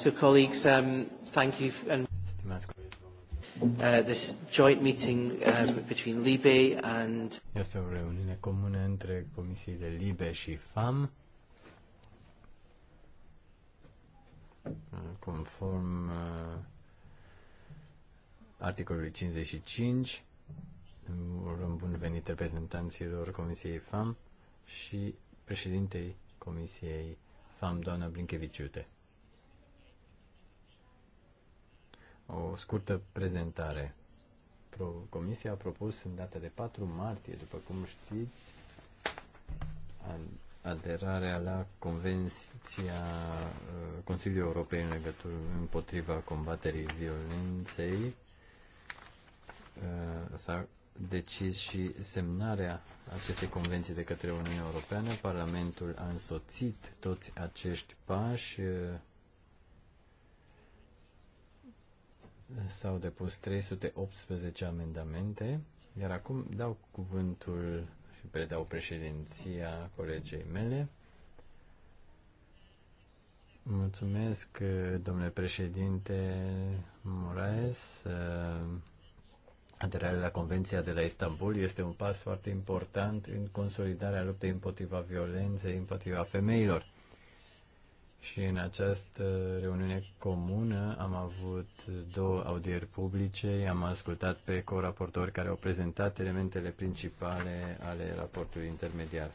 So, colleagues, um, thank you. And uh, this joint meeting um, between Libe and... Este o reuniune comună între comisiile Libe și FAM. Conform uh, articolului 55, urăm bun venit reprezentanților Comisiei FAM și președintei Comisiei FAM, doamna Blinkeviciute. o scurtă prezentare. Pro, comisia a propus în data de 4 martie, după cum știți, aderarea la Convenția uh, Consiliului European în legătură împotriva combaterii violenței uh, s-a decis și semnarea acestei convenții de către Uniunea Europeană. Parlamentul a însoțit toți acești pași uh, S-au depus 318 amendamente, iar acum dau cuvântul și predau președinția colegei mele. Mulțumesc, domnule președinte Moraes. Aderarea la Convenția de la Istanbul este un pas foarte important în consolidarea luptei împotriva violenței, împotriva femeilor. Și în această reuniune comună am avut două audieri publice, am ascultat pe coraportori care au prezentat elementele principale ale raportului intermediar.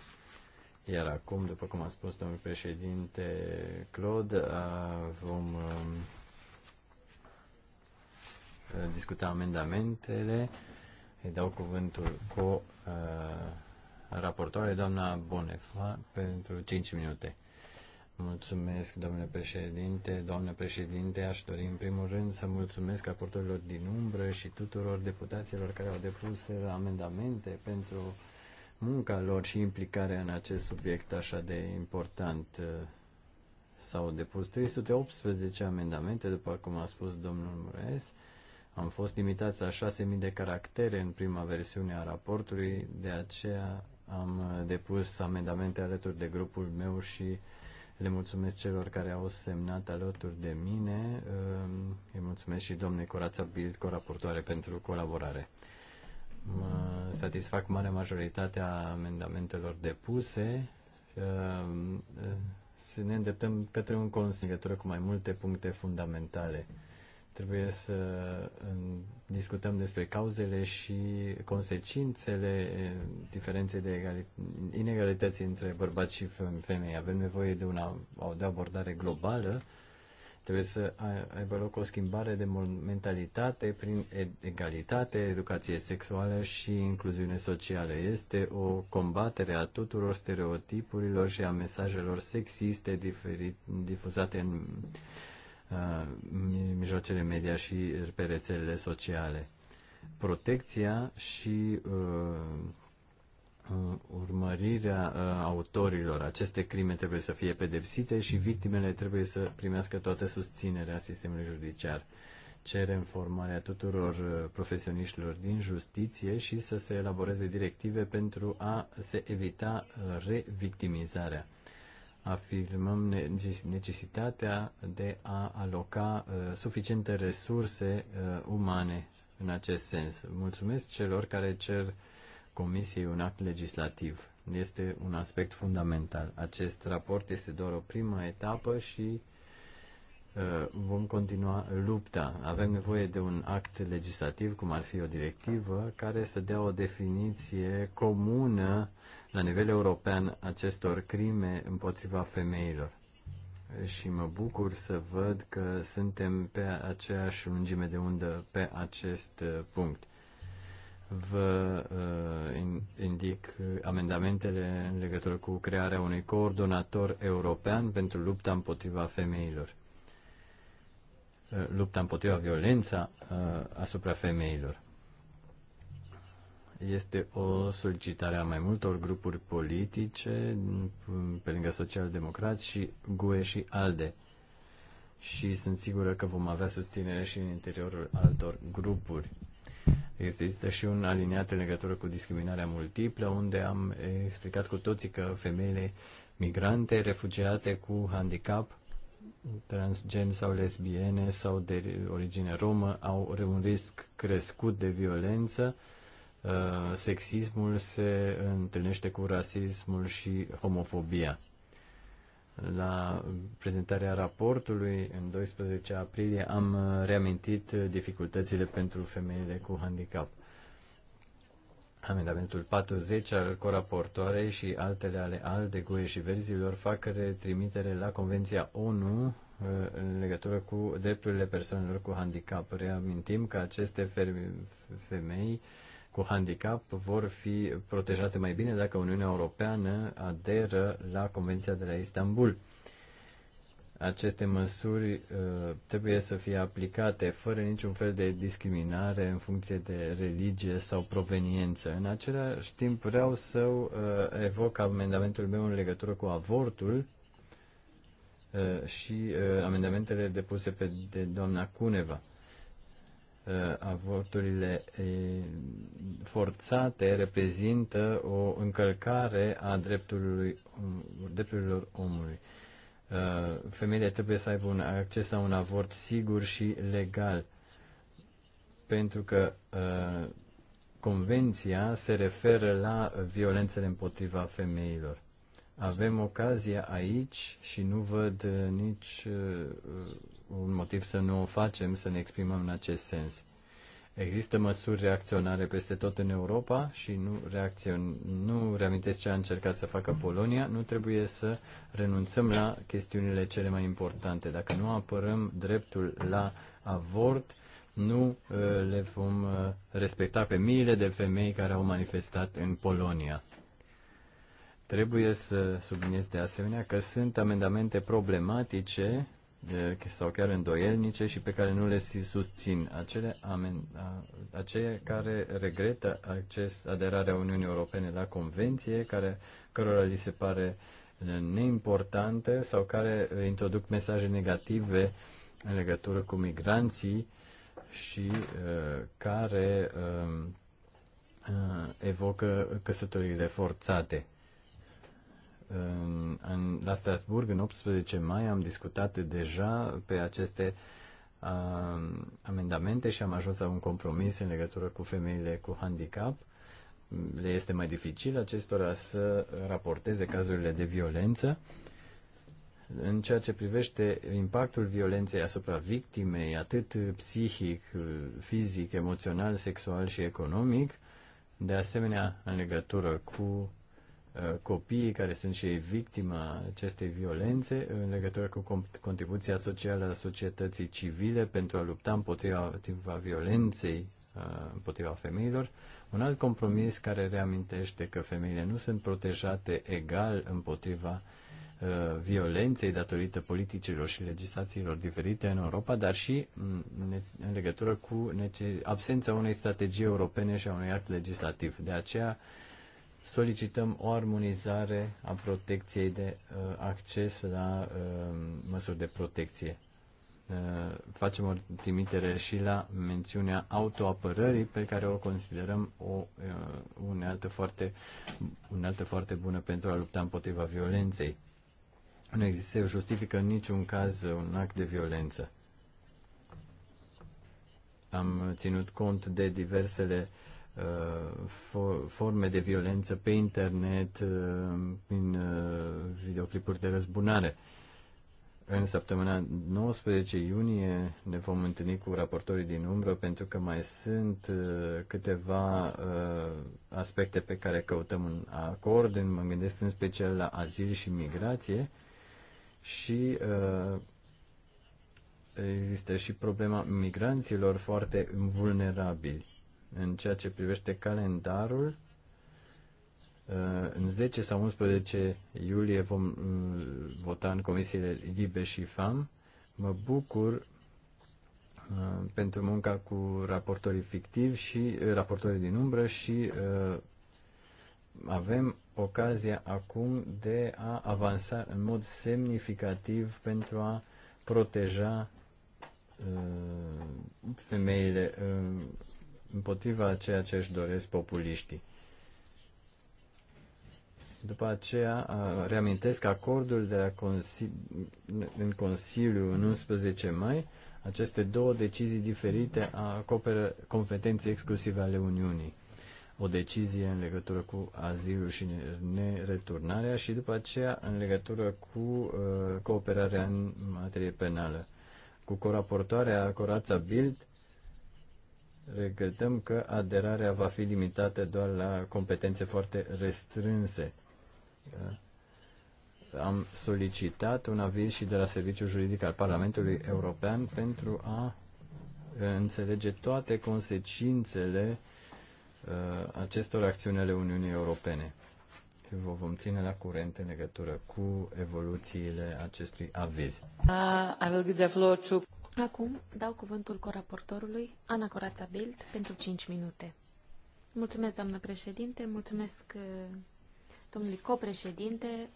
Iar acum, după cum a spus domnul președinte Claude, vom um, discuta amendamentele. Îi dau cuvântul cu raportoare, doamna Bonefa, pentru 5 minute. Mulțumesc, domnule președinte. Doamne președinte, aș dori în primul rând să mulțumesc raportorilor din umbră și tuturor deputaților care au depus amendamente pentru munca lor și implicarea în acest subiect așa de important. S-au depus 318 amendamente, după cum a spus domnul Mures. Am fost limitați la 6.000 de caractere în prima versiune a raportului, de aceea am depus amendamente alături de grupul meu și le mulțumesc celor care au semnat alături de mine. Îi mulțumesc și domnului Corața Bild, coraportoare, pentru colaborare. Mă satisfac marea majoritatea amendamentelor depuse. Să ne îndreptăm către un consens legătură cu mai multe puncte fundamentale. Trebuie să discutăm despre cauzele și consecințele diferenței de inegalități între bărbați și femei. Avem nevoie de, una, de abordare globală trebuie să aibă loc o schimbare de mentalitate prin egalitate, educație sexuală și incluziune socială. Este o combatere a tuturor stereotipurilor și a mesajelor sexiste diferit, difuzate în mijloacele media și pe rețelele sociale. Protecția și uh, uh, urmărirea uh, autorilor. Aceste crime trebuie să fie pedepsite și victimele trebuie să primească toată susținerea sistemului judiciar. Cerem formarea tuturor profesioniștilor din justiție și să se elaboreze directive pentru a se evita revictimizarea afirmăm necesitatea de a aloca uh, suficiente resurse uh, umane în acest sens. Mulțumesc celor care cer Comisiei un act legislativ. Este un aspect fundamental. Acest raport este doar o primă etapă și Uh, vom continua lupta. Avem nevoie de un act legislativ, cum ar fi o directivă, care să dea o definiție comună la nivel european acestor crime împotriva femeilor. Și mă bucur să văd că suntem pe aceeași lungime de undă pe acest uh, punct. Vă uh, indic amendamentele în legătură cu crearea unui coordonator european pentru lupta împotriva femeilor Uh, lupta împotriva violența uh, asupra femeilor. Este o solicitare a mai multor grupuri politice, mm, pe lângă socialdemocrați și GUE și ALDE. Și sunt sigură că vom avea susținere și în interiorul altor grupuri. Există și un aliniat în legătură cu discriminarea multiplă, unde am explicat cu toții că femeile migrante, refugiate cu handicap, transgen sau lesbiene sau de origine romă au un risc crescut de violență. Uh, sexismul se întâlnește cu rasismul și homofobia. La prezentarea raportului în 12 aprilie am reamintit dificultățile pentru femeile cu handicap. Amendamentul 40 al coraportoarei și altele ale alte GUE și Verzilor fac trimitere la Convenția ONU uh, în legătură cu drepturile persoanelor cu handicap. Reamintim că aceste femei cu handicap vor fi protejate mai bine dacă Uniunea Europeană aderă la Convenția de la Istanbul aceste măsuri uh, trebuie să fie aplicate fără niciun fel de discriminare în funcție de religie sau proveniență. În același timp vreau să uh, evoc amendamentul meu în legătură cu avortul uh, și uh, amendamentele depuse pe, de doamna Cuneva. Uh, avorturile uh, forțate reprezintă o încălcare a drepturilor omului. Uh, Uh, femeile trebuie să aibă un acces la un avort sigur și legal. Pentru că uh, convenția se referă la violențele împotriva femeilor. Avem ocazia aici și nu văd uh, nici un motiv să nu o facem, să ne exprimăm în acest sens. Există măsuri reacționare peste tot în Europa și nu, reacțion, nu reamintesc ce a încercat să facă Polonia. Nu trebuie să renunțăm la chestiunile cele mai importante. Dacă nu apărăm dreptul la avort, nu uh, le vom uh, respecta pe miile de femei care au manifestat în Polonia. Trebuie să subliniez de asemenea că sunt amendamente problematice sau chiar îndoielnice și pe care nu le susțin. Acele amen, aceia care regretă acces, aderarea Uniunii Europene la convenție, care, cărora li se pare neimportante sau care introduc mesaje negative în legătură cu migranții și uh, care uh, evocă căsătorile forțate în, la Strasburg, în 18 mai, am discutat deja pe aceste amendamente și am ajuns la un compromis în legătură cu femeile cu handicap. Le este mai dificil acestora să raporteze cazurile de violență. În ceea ce privește impactul violenței asupra victimei, atât psihic, fizic, emoțional, sexual și economic, de asemenea, în legătură cu Uh, copiii care sunt și ei victima acestei violențe în legătură cu contribuția socială a societății civile pentru a lupta împotriva, împotriva violenței uh, împotriva femeilor. Un alt compromis care reamintește că femeile nu sunt protejate egal împotriva uh, violenței datorită politicilor și legislațiilor diferite în Europa, dar și mm, în legătură cu absența unei strategii europene și a unui act legislativ. De aceea, solicităm o armonizare a protecției de uh, acces la uh, măsuri de protecție. Uh, facem o trimitere și la mențiunea autoapărării pe care o considerăm o uh, unealtă, foarte, unealtă foarte bună pentru a lupta împotriva violenței. Nu există justifică în niciun caz un act de violență. Am ținut cont de diversele uh, forme de violență pe internet, uh, prin uh, videoclipuri de răzbunare. În săptămâna 19 iunie ne vom întâlni cu raportorii din umbră pentru că mai sunt uh, câteva aspecte pe care căutăm în acord, mă gândesc în special la azil și migrație și există și problema migranților foarte vulnerabili în ceea ce privește calendarul, în 10 sau 11 iulie vom mm, vota în comisiile Libe și FAM. Mă bucur mm, pentru munca cu raportorii fictivi și eh, raportorii din umbră și eh, avem ocazia acum de a avansa în mod semnificativ pentru a proteja eh, femeile împotriva a ceea ce își doresc populiștii. După aceea, reamintesc acordul de la Consili, în Consiliu în 11 mai. Aceste două decizii diferite acoperă competențe exclusive ale Uniunii. O decizie în legătură cu azilul și nereturnarea și după aceea în legătură cu uh, cooperarea în materie penală. Cu coraportoarea Corața Bild regretăm că aderarea va fi limitată doar la competențe foarte restrânse. Am solicitat un aviz și de la Serviciul Juridic al Parlamentului European pentru a înțelege toate consecințele uh, acestor acțiuni ale Uniunii Europene. Vă vom ține la curent în legătură cu evoluțiile acestui aviz. Uh, I will give the floor to... Acum dau cuvântul coraportorului Ana Corața Bild pentru 5 minute. Mulțumesc, doamnă președinte, mulțumesc uh, domnului copreședinte,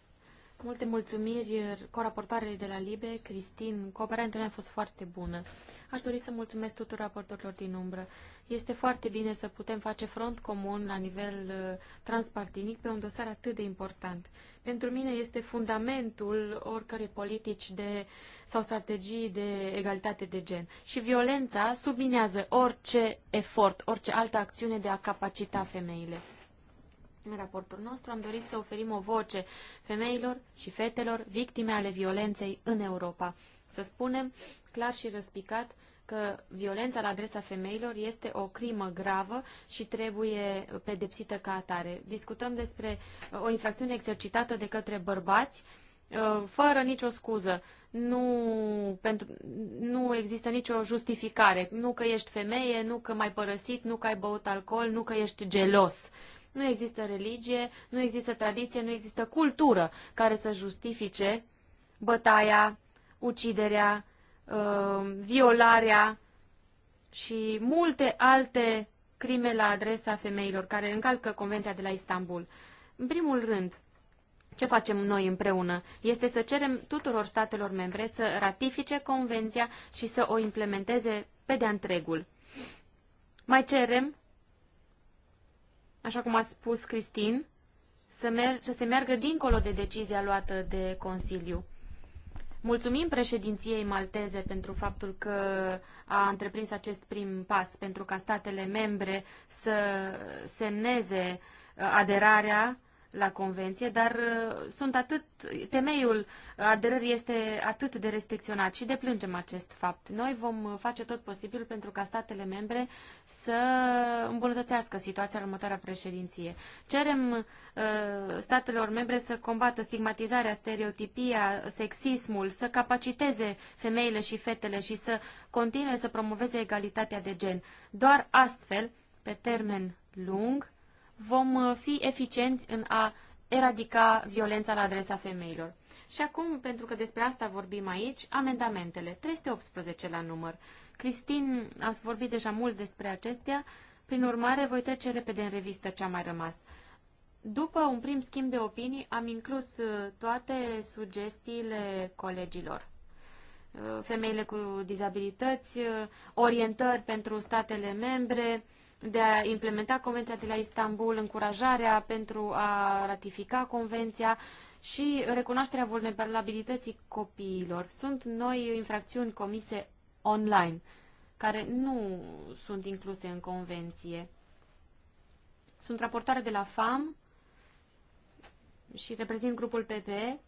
Multe mulțumiri raportoarele de la Libe, Cristin, cooperarea mea a fost foarte bună. Aș dori să mulțumesc tuturor raportorilor din umbră. Este foarte bine să putem face front comun la nivel uh, transpartinic pe un dosar atât de important. Pentru mine este fundamentul oricărei politici de, sau strategii de egalitate de gen. Și violența subminează orice efort, orice altă acțiune de a capacita femeile. În raportul nostru am dorit să oferim o voce femeilor și fetelor victime ale violenței în Europa. Să spunem clar și răspicat că violența la adresa femeilor este o crimă gravă și trebuie pedepsită ca atare. Discutăm despre uh, o infracțiune exercitată de către bărbați uh, fără nicio scuză. Nu, pentru, nu există nicio justificare. Nu că ești femeie, nu că mai părăsit, nu că ai băut alcool, nu că ești gelos. Nu există religie, nu există tradiție, nu există cultură care să justifice bătaia, uciderea, um, violarea și multe alte crime la adresa femeilor care încalcă Convenția de la Istanbul. În primul rând, ce facem noi împreună este să cerem tuturor statelor membre să ratifice convenția și să o implementeze pe de-a întregul. Mai cerem așa cum a spus Cristin, să, mer- să se meargă dincolo de decizia luată de Consiliu. Mulțumim președinției malteze pentru faptul că a întreprins acest prim pas pentru ca statele membre să semneze uh, aderarea la convenție, dar uh, sunt atât, temeiul aderării este atât de restricționat și deplângem acest fapt. Noi vom uh, face tot posibil pentru ca statele membre să îmbunătățească situația următoarea președinție. Cerem uh, statelor membre să combată stigmatizarea, stereotipia, sexismul, să capaciteze femeile și fetele și să continue să promoveze egalitatea de gen. Doar astfel, pe termen lung, vom uh, fi eficienți în a eradica violența la adresa femeilor. Și acum, pentru că despre asta vorbim aici, amendamentele, 318 la număr. Cristin, ați vorbit deja mult despre acestea, prin urmare voi trece repede în revistă ce a mai rămas. După un prim schimb de opinii, am inclus uh, toate sugestiile colegilor. Uh, femeile cu dizabilități, orientări pentru statele membre, de a implementa Convenția de la Istanbul, încurajarea pentru a ratifica Convenția și recunoașterea vulnerabilității copiilor. Sunt noi infracțiuni comise online, care nu sunt incluse în Convenție. Sunt raportoare de la FAM și reprezint grupul PPE.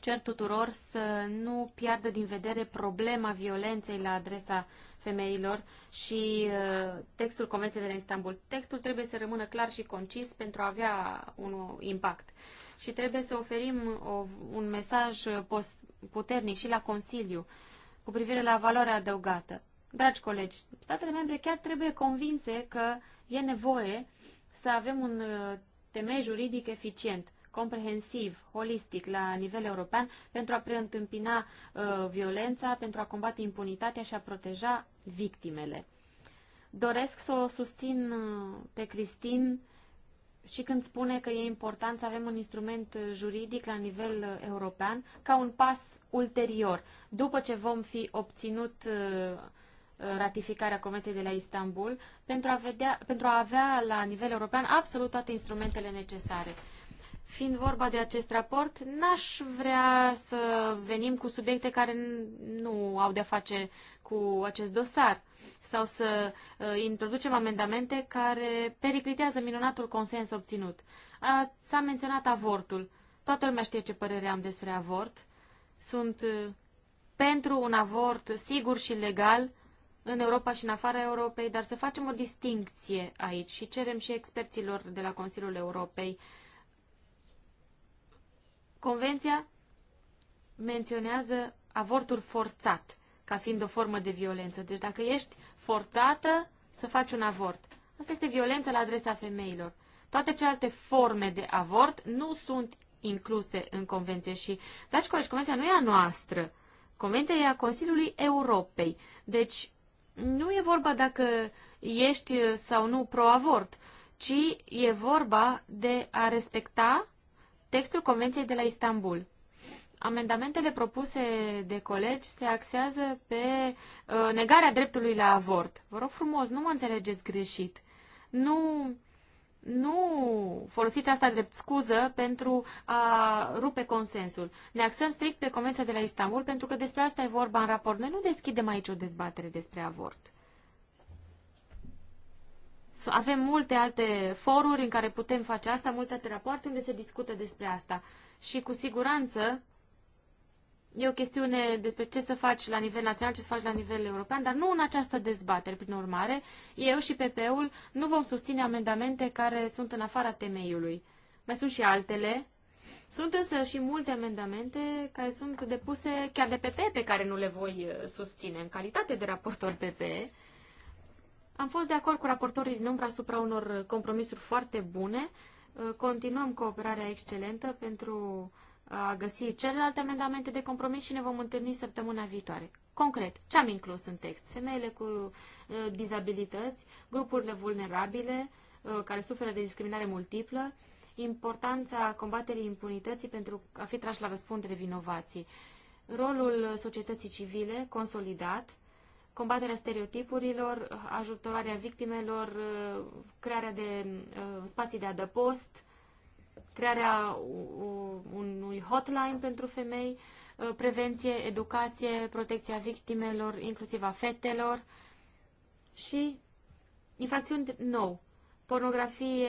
Cer tuturor să nu piardă din vedere problema violenței la adresa uh, femeilor și uh, textul Convenției de la Istanbul. Textul trebuie să rămână clar și concis pentru a avea un impact. Și trebuie să oferim o, un mesaj puternic și la Consiliu cu privire la valoarea adăugată. Dragi colegi, statele membre chiar trebuie convinse că e nevoie să avem un uh, temei juridic eficient comprehensiv, holistic, la nivel european, pentru a preîntâmpina uh, violența, pentru a combate impunitatea și a proteja victimele. Doresc să o susțin uh, pe Cristin și când spune că e important să avem un instrument juridic la nivel uh, european ca un pas ulterior, după ce vom fi obținut uh, ratificarea Convenției de la Istanbul pentru a, vedea, pentru a avea la nivel european absolut toate instrumentele necesare. Fiind vorba de acest raport, n-aș vrea să venim cu subiecte care nu au de-a face cu acest dosar sau să uh, introducem amendamente care periclitează minunatul consens obținut. S-a menționat avortul. Toată lumea știe ce părere am despre avort. Sunt uh, pentru un avort sigur și legal în Europa și în afara Europei, dar să facem o distincție aici și cerem și experților de la Consiliul Europei uh, Convenția menționează avortul forțat ca fiind o formă de violență. Deci dacă ești forțată să faci un avort, asta este violență la adresa femeilor. Toate celelalte forme de avort nu sunt incluse în convenție și, dragi colegi, convenția nu e a noastră. Convenția e a Consiliului Europei. Deci nu e vorba dacă ești sau nu pro-avort, ci e vorba de a respecta textul Convenției de la Istanbul. Amendamentele propuse de colegi se axează pe uh, negarea dreptului la avort. Vă rog frumos, nu mă înțelegeți greșit. Nu, nu folosiți asta drept scuză pentru a rupe consensul. Ne axăm strict pe Convenția de la Istanbul pentru că despre asta e vorba în raport. Noi nu deschidem aici o dezbatere despre avort. Avem multe alte foruri în care putem face asta, multe alte rapoarte unde se discută despre asta. Și cu siguranță e o chestiune despre ce să faci la nivel național, ce să faci la nivel european, dar nu în această dezbatere. Prin urmare, eu și PP-ul nu vom susține amendamente care sunt în afara temeiului. Mai sunt și altele. Sunt însă și multe amendamente care sunt depuse chiar de PP, pe care nu le voi uh, susține în calitate de raportor PP am fost de acord cu raportorii din umbră asupra unor compromisuri foarte bune. Uh, continuăm cooperarea excelentă pentru uh, a găsi celelalte amendamente de compromis și ne vom întâlni săptămâna viitoare. Concret, ce am inclus în text? Femeile cu uh, dizabilități, grupurile vulnerabile care suferă de discriminare multiplă, importanța combaterii impunității pentru a fi trași la răspundere vinovații, rolul societății civile consolidat, combaterea stereotipurilor, ajutorarea victimelor, uh, crearea de uh, spații de adăpost, crearea unui hotline pentru femei, uh, prevenție, educație, protecția victimelor, inclusiv a fetelor și infracțiuni nou, pornografie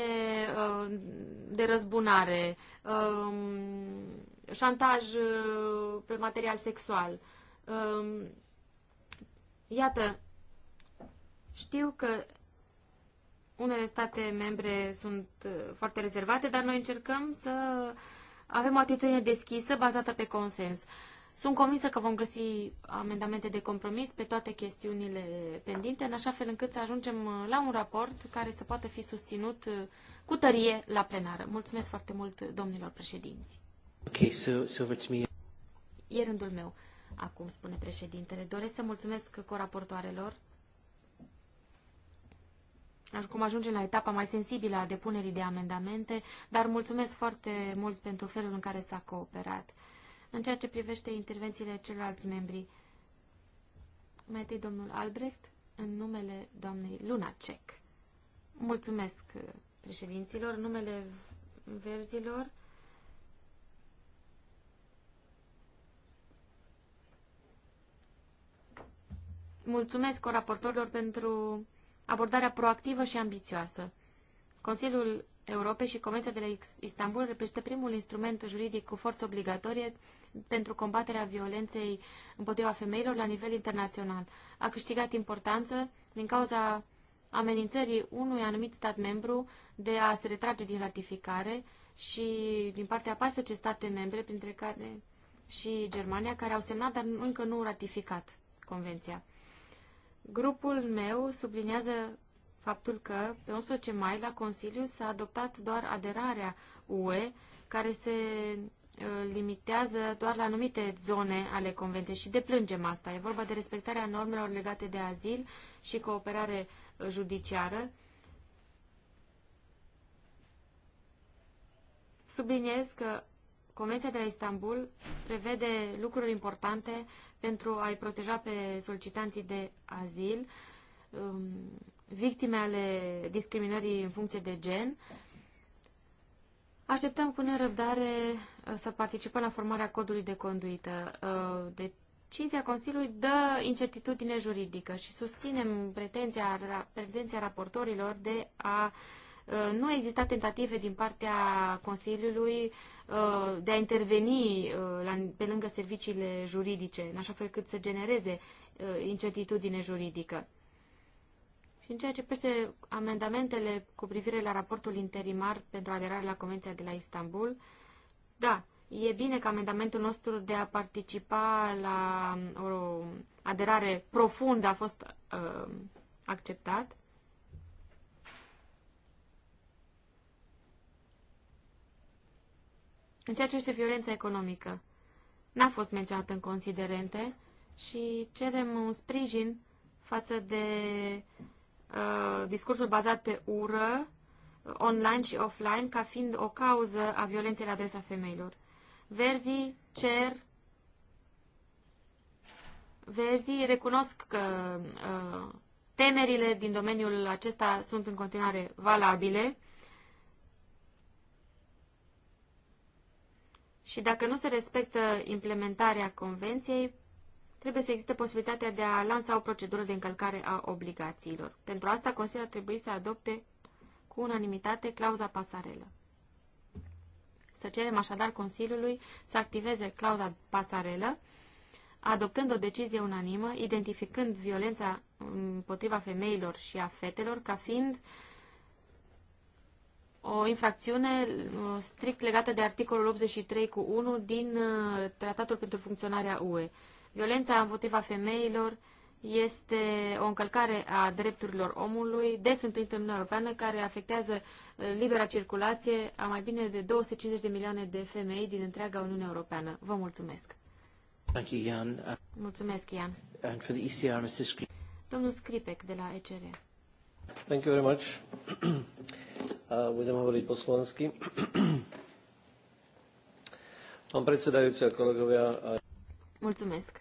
de răzbunare, um, șantaj pe material sexual, um, Iată, știu că unele state membre sunt uh, foarte rezervate, dar noi încercăm să avem o atitudine deschisă, bazată pe consens. Sunt convinsă că vom găsi amendamente de compromis pe toate chestiunile pendinte, în așa fel încât să ajungem uh, la un raport care să poată fi susținut uh, cu tărie la plenară. Mulțumesc foarte mult, domnilor președinți. Okay, so, so me. E rândul meu acum, spune președintele. Doresc să mulțumesc coraportoarelor. Acum ajungem la etapa mai sensibilă a depunerii de amendamente, dar mulțumesc foarte mult pentru felul în care s-a cooperat. În ceea ce privește intervențiile celorlalți membri, mai întâi domnul Albrecht, în numele doamnei Lunacek. Mulțumesc președinților, în numele verzilor, mulțumesc coraportorilor pentru abordarea proactivă și ambițioasă. Consiliul Europei și Convenția de la Istanbul reprezintă primul instrument juridic cu forță obligatorie pentru combaterea violenței împotriva femeilor la nivel internațional. A câștigat importanță din cauza amenințării unui anumit stat membru de a se retrage din ratificare și din partea 14 state membre, printre care și Germania, care au semnat, dar încă nu ratificat convenția. Grupul meu subliniază faptul că pe 11 mai la Consiliu s-a adoptat doar aderarea UE, care se uh, limitează doar la anumite zone ale convenției și deplângem asta. E vorba de respectarea normelor legate de azil și cooperare uh, judiciară. Subliniez că Convenția de la Istanbul prevede lucruri importante pentru a-i proteja pe solicitanții de azil, um, victime ale discriminării în funcție de gen. Așteptăm cu nerăbdare uh, să participăm la formarea codului de conduită. Uh, decizia Consiliului dă incertitudine juridică și susținem pretenția, pretenția raportorilor de a uh, Uh, nu exista tentative din partea Consiliului uh, de a interveni uh, pe lângă serviciile juridice, în așa fel cât să genereze incertitudine juridică. Și în ceea ce privește amendamentele cu privire la raportul interimar pentru aderare la Convenția de la Istanbul, da, e bine că amendamentul nostru de a participa la um, o aderare profundă a fost uh, acceptat. În ceea ce este violența economică, n-a fost menționată în considerente și cerem un sprijin față de uh, discursul bazat pe ură, uh, online și offline, ca fiind o cauză a violenței la adresa femeilor. Verzi cer Vezi, recunosc că uh, temerile din domeniul acesta sunt în continuare valabile și dacă nu se respectă implementarea convenției, trebuie să existe posibilitatea de a lansa o procedură de încălcare a obligațiilor. Pentru asta, Consiliul ar trebui să adopte cu unanimitate clauza pasarelă. Să cerem așadar Consiliului să activeze clauza pasarelă, adoptând o decizie unanimă, identificând violența împotriva femeilor și a fetelor ca fiind uh, o infracțiune uh, strict legată de articolul 83 cu 1 din uh, Tratatul pentru Funcționarea UE. Violența împotriva femeilor este o încălcare a drepturilor omului, des întâlnită în Uniunea Europeană, care afectează uh, libera circulație a mai bine de 250 de milioane de femei din întreaga Uniune Europeană. Vă mulțumesc! Thank you, Ian. Mulțumesc, Ian. And for the ECR, Mr. Scri- Domnul Scripec de la ECR. Thank you very much budem hovoriť po slovensky. Pán predsedajúci a kolegovia. Mulțumesc.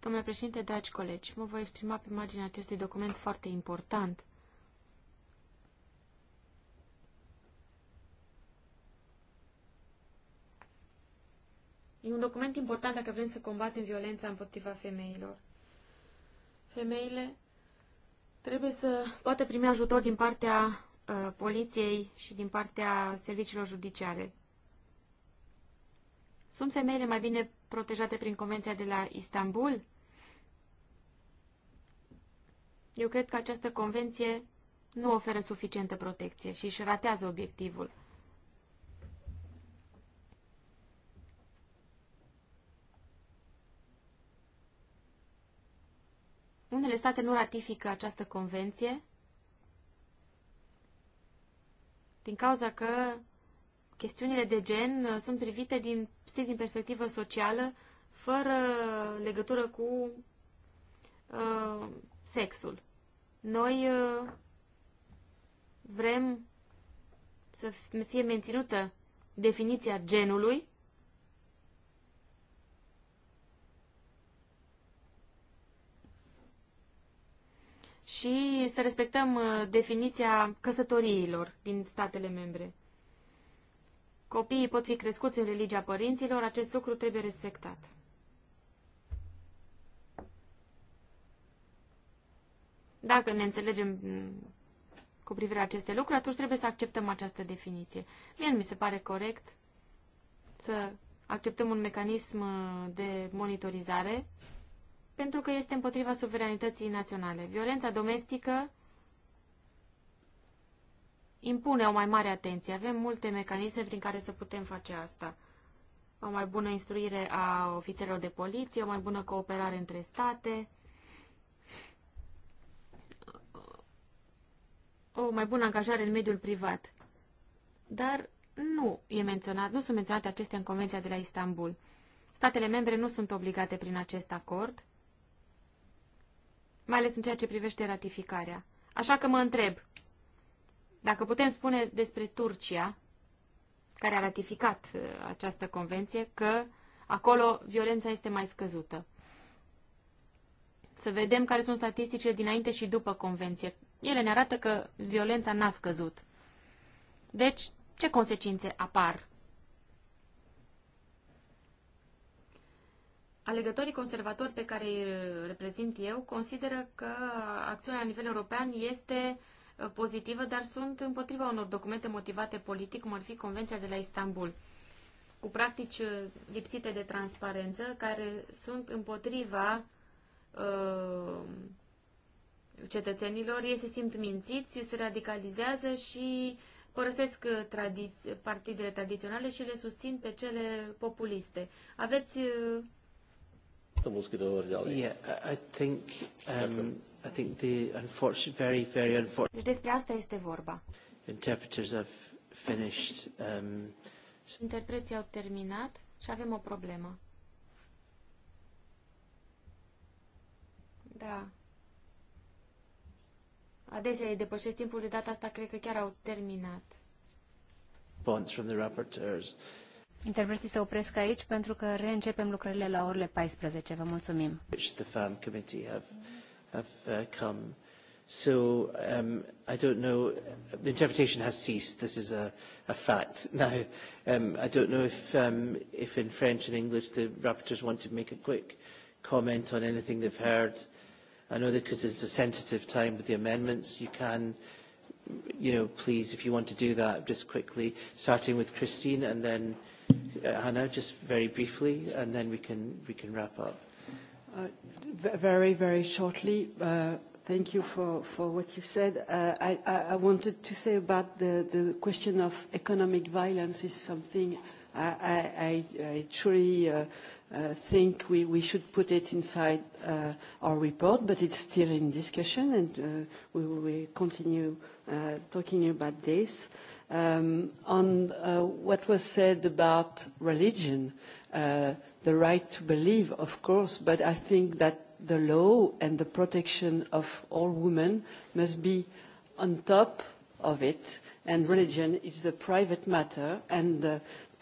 Domnule președinte, dragi colegi, mă voi exprima pe marginea acestui document foarte important. E un document important dacă vrem să combatem violența împotriva femeilor. Femeile trebuie să poată primi ajutor din partea uh, poliției și din partea serviciilor judiciare. Sunt femeile mai bine protejate prin Convenția de la Istanbul? Eu cred că această convenție nu oferă suficientă protecție și își ratează obiectivul. unele state nu ratifică această convenție din cauza că chestiunile de gen sunt privite din, strict din perspectivă socială, fără legătură cu uh, sexul. Noi uh, vrem să fie menținută definiția genului și să respectăm uh, definiția căsătoriilor din statele membre. Copiii pot fi crescuți în religia părinților, acest lucru trebuie respectat. Dacă ne înțelegem mm, cu privire la aceste lucruri, atunci trebuie să acceptăm această definiție. Mie nu mi se pare corect să acceptăm un mecanism uh, de monitorizare pentru că este împotriva suveranității naționale. Violența domestică impune o mai mare atenție. Avem multe mecanisme prin care să putem face asta. O mai bună instruire a ofițerilor de poliție, o mai bună cooperare între state, o mai bună angajare în mediul privat. Dar nu, e menționat, nu sunt menționate acestea în Convenția de la Istanbul. Statele membre nu sunt obligate prin acest acord mai ales în ceea ce privește ratificarea. Așa că mă întreb, dacă putem spune despre Turcia, care a ratificat uh, această convenție, că acolo violența este mai scăzută. Să vedem care sunt statisticile dinainte și după convenție. Ele ne arată că violența n-a scăzut. Deci, ce consecințe apar Alegătorii conservatori pe care îi reprezint eu consideră că acțiunea la nivel european este uh, pozitivă, dar sunt împotriva unor documente motivate politic, cum ar fi Convenția de la Istanbul, cu practici uh, lipsite de transparență, care sunt împotriva uh, cetățenilor. Ei se simt mințiți, se radicalizează și părăsesc uh, tradiți, partidele tradiționale și le susțin pe cele populiste. Aveți uh, Mums går det att göra. Yeah, I think, um, I think the unfortunate, very, very unfortunate... Deci despre asta este vorba. Interpreters have finished. Um, Interpreții au terminat și avem o problemă. Da. Adesea îi depășesc timpul, de data asta cred că chiar au terminat. Points from the rapporteurs. Interpreții se opresc aici pentru că reîncepem lucrările la orele 14. Vă mulțumim. The FAM committee have, have uh, come. So um, I don't know, the interpretation has ceased, this is a, a fact. Now, um, I don't know if, um, if in French and English the rapporteurs want to make a quick comment on anything they've heard. I know that because it's a sensitive time with the amendments, you can you know, please, if you want to do that, just quickly, starting with Christine and then Hanna, uh, Hannah, just very briefly, and then we can, we can wrap up. Uh, very, very shortly, uh, thank you for, for what you said. Uh, I, I wanted to say about the, the question of economic violence is something I, I, I, I truly uh, Uh, think we, we should put it inside uh, our report, but it's still in discussion, and uh, we will continue uh, talking about this. Um, on uh, what was said about religion, uh, the right to believe, of course, but I think that the law and the protection of all women must be on top of it, and religion is a private matter, and the,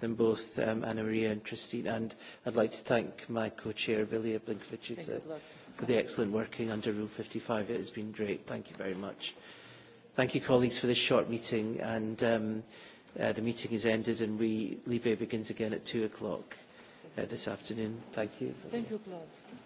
Than both, um, Anna Maria and Christine. And I'd like to thank my co-chair, Vilja Blinkovic, uh, for the excellent working under Rule 55. It has been great. Thank you very much. Thank you, colleagues, for this short meeting. And um, uh, the meeting is ended, and we Libe begins again at 2 o'clock uh, this afternoon. Thank you. Thank you, Claude.